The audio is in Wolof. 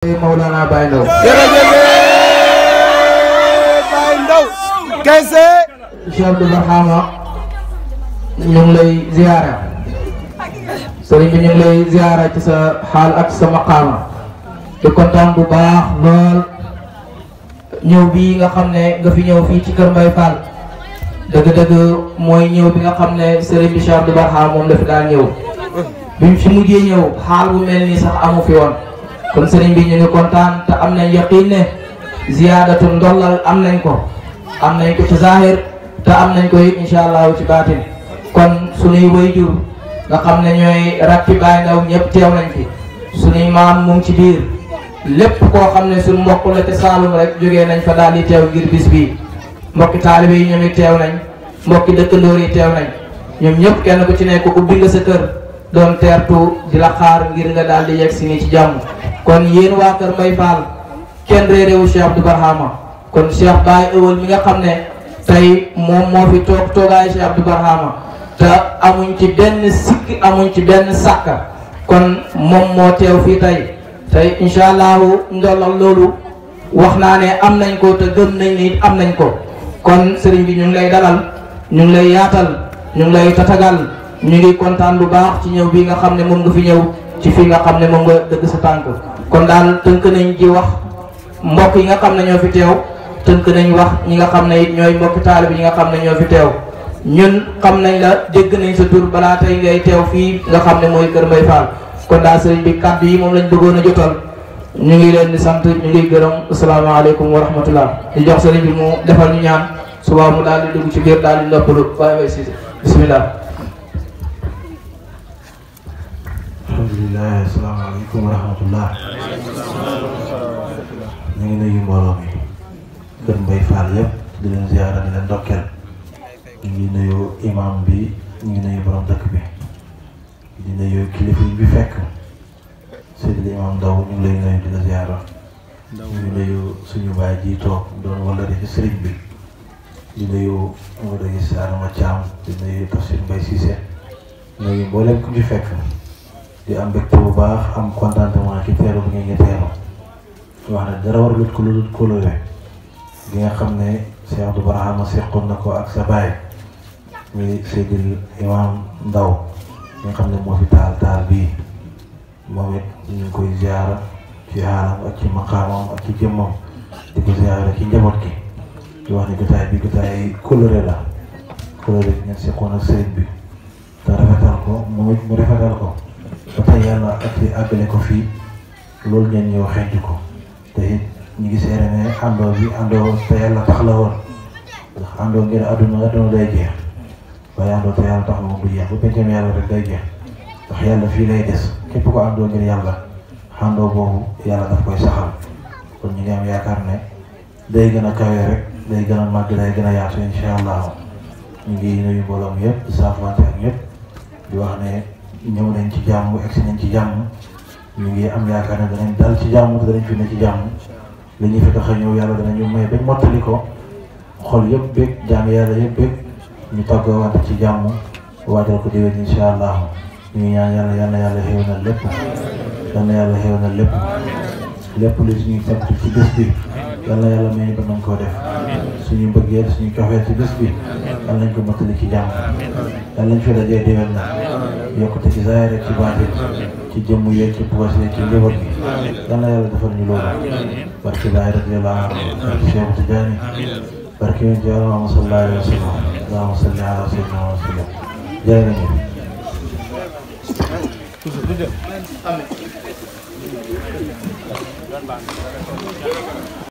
Mawlana Baye Ndao jërëjëf Baye Ndao kese Cheikh Abdou Barhama lay ziyaara sëriñ ci sa xaal ak sa maqaama di kontaan bu baax lool ñëw bi nga xam ne nga fi ñëw fii ci kër Mbaye Fall dëgg-dëgg mooy ñëw bi nga xam ne sëriñ bi Cheikh Abdou moom la fi ñëw bi fi mujjee ñëw xaal bu mel nii sax amu fi woon kon sëriñ bi ñu ngi kontaan te am nañ yaqiin ne ziyaadatu ndollal am nañ ko am nañ ko ci zahir te am nañ ko it incha allahu ci baatin kon suñuy wayjur nga xam ne ñooy rakki baay ndaw ñëpp teew nañ fi suñuy maam mu ngi ci biir lépp koo xam ne suñ mbokk la te saalum rek jógee nañ fa daal di teew ngir bis bii mbokki taalibe yi ñoom it teew nañ mbokki dëkkandoor yi teew nañ ñoom ñëpp kenn ku ci nekk ubbi nga sa kër doon teertu di la xaar ngir nga daal di yegg si nii ci jàmm kon yéen waa Kër Mbay Fall kenn réeréwu Cheikh Abdou kon Cheikh Baye Ewel mi nga xam ne tey moom moo fi toog toogaay Cheikh Abdou te amuñ ci benn sikk amuñ ci benn sàkk kon moom moo teew fii tey tey incha allahu ndollal loolu wax naa ne am nañ ko te gëm nañ ni am nañ ko kon sëriñ bi ñu ngi lay dalal ñu ngi lay yaatal ñu ngi lay tatagal ñu ngi kontaan lu baax ci ñëw bi nga xam ne moom nga fi ñëw ci fii nga xam ne moom nga dëgg sa tànk kon daal tënk nañ ji wax mbokk yi nga xam ne ñoo fi teew tënk nañ wax ñi nga xam ne it ñooy mbokki taalib yi nga xam ne ñoo fi teew ñun xam nañ la dégg nañ sa tur balaa tey ngay teew fii nga xam ne mooy Kër Mbaye Fall kon daal sëriñ bi kàddu yi moom lañ bëggoon a jotal ñu ngi leen di sant ñu ngi gërëm asalaamaaleykum wa rahmatullah di jox sëriñ bi mu defal ñu ñaan suba mu daal di dugg ci biir daal di noppalu bàyyi bay si alhamdulilah asalaamaaleykum wa rahmatullah ñu ngi nuyu mbooloo mi kër Mbaye Fall yëpp di leen ziara leen dokkeel ngi nuyu imam bi ngi nuyu borom dëkk bi di nuyu kilifa yi bi fekk Seydou imam Ndaw ñu ngi lay nuyu di la ngi nuyu suñu baay jiitoo toog doon wala rek sëriñ bi di nuyu Modou Gissar Mathiam di nuyu Tafsir Mbaye Cissé nuyu mboolem ku ñu fekk. di am mbégte bu baax am contentement ci teeru bi ngeen ñu teeru wax ne dara war ko lu kóllëre gi nga xam ne Cheikh Abdou Barhama seqoon na ko ak sa baay muy Seydil Imam Ndaw nga xam ne moo fi taal taal bii moom it ngi koy ziara ci xaalam ak ci maqaamam ak ci jëmmam di ko ziara ci njaboot gi di wax ne jotaay bi jotaay kóllëre la kóllëre gi ngeen seqoon ak sëriñ bi te rafetal ko moom it mu rafetal ko yàlla ak àggale ko fii loolu ngeen ñëw xeetu ko ngi seere ne àndoo bi àndoo te yàlla tax la woon fii lay des képp ko àndoo ngir am yaakaar ne day gën a kayo rek day gën a màgg day gën a yaatu incha allah ñu ngi nuyu mbooloom yëpp saafante ak ñëpp di wax ne. ñëw nañ ci jàmm si nañ ci jàmm ñu ngi am yaakaar ne danañ dal ci jàmm te danañ fi ne ci jàmm li ñuy fi tax a ñëw yàlla danañu may bañ mottali ko xool yëpp beeg jàmm yàlla yëpp ci jàmm waajal ko déwén incha ñu ngi ñaan yàlla yàlla xew na lépp yal na yàlla xew na lépp lépp li suñuy sant ci bés bi yal yàlla may ba nañ koo def suñu mbëggeel suñu cofeel ci bés bi yal nañ ko mottali ci jàmm yal nañ fi dajee déwén na yokkute ci zaahir ci baatin ci jëmm yeeg ci poos yeeg ci njaboot bi yal na yàlla ci allahumma salli alayhi wa sallam allahumma salli ala sayyidina wa sallam jërë